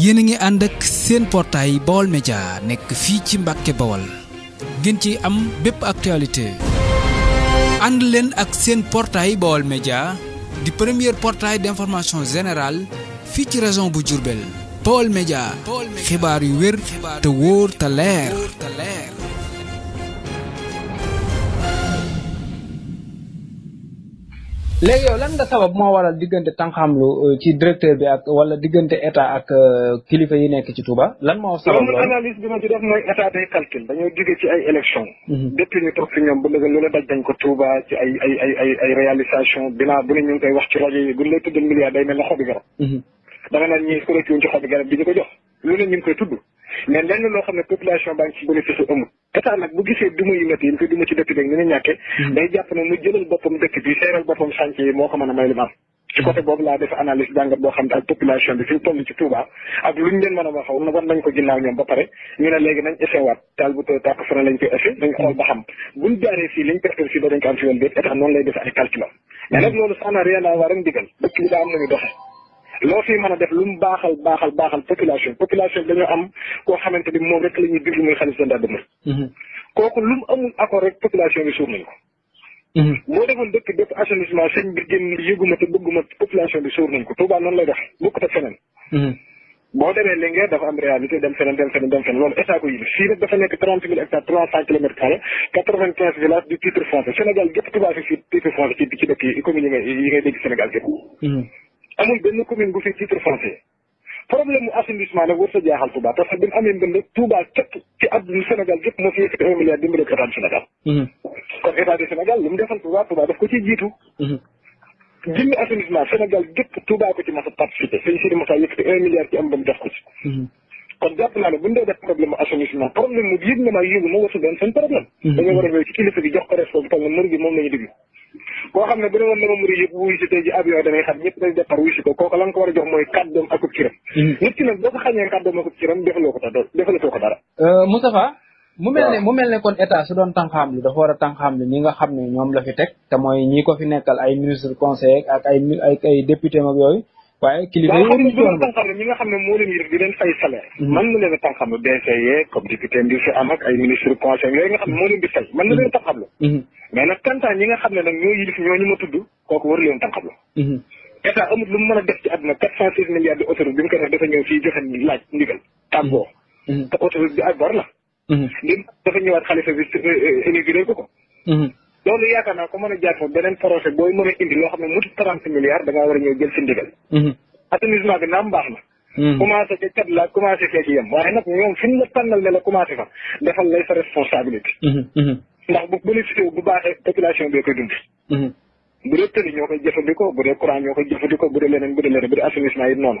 yéen a ngi ànd ak seen portail Baol Média nekk fii ci Mbàkke Baol ngeen ci am bépp actualité ànd leen ak seen portaay Baol Média di premier portail d'information générale fii ci région bu Diourbel Baol Média xibaar yu wér te wóor te leer léegi yow lan nga sabab moo waral diggante tànqamlu euh, ci directeur bi ak wala diggante état ak euh, kilifa yi nekk ci Touba lan moo sabab loolu analyse bi ma a def mooy état day calcul dañoo jóge ci ay élection mhm. depuis ñoom ba léegi loolu daj dañ ko Touba ci ay ay ay ay bu ne ñu ngi koy wax ci rajo yi bu ñu lay tuddal milliard day mel na xobi garab mhm. da nga naan ñi collecté ci xobi garab bi ñu ko jox lu ne ñu koy tudd mais lenn loo xam ne population état nag bu gisee duma yu métti yi mu duma ci dëkk bi ni ñu ñàkkee mm-hmm. day jàpp ne mu jëlal boppam dëkk bi seeral boppam sànc yi moo ko mën a may li mm-hmm. boo xam ne ak population bi mu toll nañ ko ginnaaw ñoom ba pare ñu ne léegi nañ essayé waat bu tooy tàkk fana lañ koy essayé dañ xool ba xam buñ jaaree fii liñ perte fii ba dañ ko am fi woon déet état noonu lay def ay calcul am mais mm-hmm. nag loolu ça n'a rien à voir ak bi daa am nañu doxee loo fi mën a def lu mu baaxal baaxal baaxal population population dañoo am koo xamante ni moom rek la ñuy déglu muy xalif général de mur kooku lu mu amul accord rek population bi suur nañ ko boo defoon dëkk bépp assainissement sëñ bi génn yëguma te bëgguma population bi suur nañ ko Touba noonu lay dox bokkut ak feneen boo demee Linguère dafa am réalité dem feneen dem feneen dem feneen loolu état ko yilif fii nag dafa nekk trente mille hectares trois cent kilomètres carrés quatre vingt quinze villages du titre foncier Sénégal gépp Touba fi fii titre foncier ci ci dëkk yi commune yi ngay yi ngay dégg Sénégal gépp amul benn commune bu fi titre foncier problème mu assainissement nag war sa jaaxal Touba parce que bi mu amee mbënd Touba képp ci àdduna Sénégal gépp moo fi yëkkati un milliard dimbali état du mhm. defal Touba Touba daf ko ciy jiitu. Mhm. jënd assainissement Sénégal gépp Touba ko ci mas a participé sëñ Sidi Moussa yëkkati un milliard ci am ba def ko ci. Mhm. kon jàpp naa ne bu ñu dee def problème mu problème mu yëg na maa yëgu ma war sa doon seen problème. dañoo war a wéy ci kilifa gi jox ko responsable bi koo xam ne bu demoon dama muri yëpp wuyu si tey ji avion dangay xam ñëpp dañ départ wuyu si ko kooku ko war a jox mooy kàddoom akub ciram hmm. nit ki nag boo ko xañee kàddoom akub ciram defaloo ko ta doon defalatoo ko dara euh, mu mel ne mu mel ne kon état su doon tànqaam li dafa war a tànqaam li ñi nga xam ne ñoom la fi teg te mooy ñi ko fi nekkal ay ministre conseiller ak ay ay député mag yooyu waaye kilifa yi ñu nga xam ne moo leen yëg di fay salaire man mm-hmm. na leen a tànqamlu DG yeeg comme député bi fi am ak ay ministre conseil yooyu nga xam ne moo leen di fay man na leen mm-hmm. tànqamlu mm-hmm. mais nag kantaan ñi nga xam ne nag ñoo yilif ñooñu ma tudd kooku waru leen tànqamlu état amut lu mu mën a def ci àdduna quatre cent six milliards de autoroute bi mu koy def dafa ñëw fii joxe laaj ndigal tàggoo te autoroute bi ak bor la dafa ñëwaat xalifa bi euh, euh, inauguré loolu yaakaar naa ko mën a jàppoo beneen projet booy mën a indi loo xam ne mutu trente milliards da war ñëw jël si ndigal mhm. assainissement bi naam baax na mhm. commencé ca cat la commencé fee ci yem waaye nag ñoom fi ñu la tànnal ne la commencé fa defal lay sa responsabilité mhm, ndax bu bénéficié bu baaxee population bi koy dund bu dee tëli ñoo koy jëfandikoo bu dee courant ñoo koy jëfandikoo bu dee leneen bu dee leneen bu dee assainissement yi noonu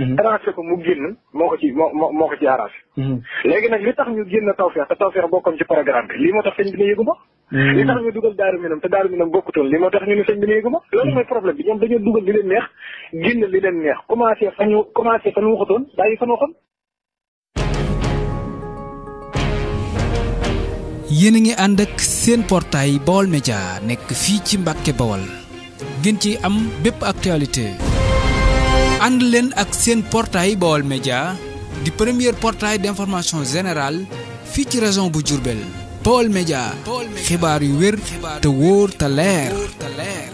arrangé mhm. ko mu génn moo ko ci moo moo ko ci arrangé mhm. léegi nag li tax ñu génn tawfeex te tawfeex bokkoon ci programme bi lii moo tax sëñ bi ne yëgu ma mhm. li tax ñu dugal daaru minam te daaru minam bokkutoon li moo tax ñu ne sëñ bi ne yëgu ma loolu mooy problème bi ñoom dañoo dugal li leen neex génn li leen neex commencé fa ñu commencé fa ñu waxutoon bàyyi fa ñu waxoon yéen a ngi ànd ak seen portail Baol media nekk fii ci Mbàkke Bawal ngeen ci am bépp actualité ànd leen ak seen portail Baol Média di premier portail d'information générale fii ci région bu Diourbel Paul Media xibaar yu te te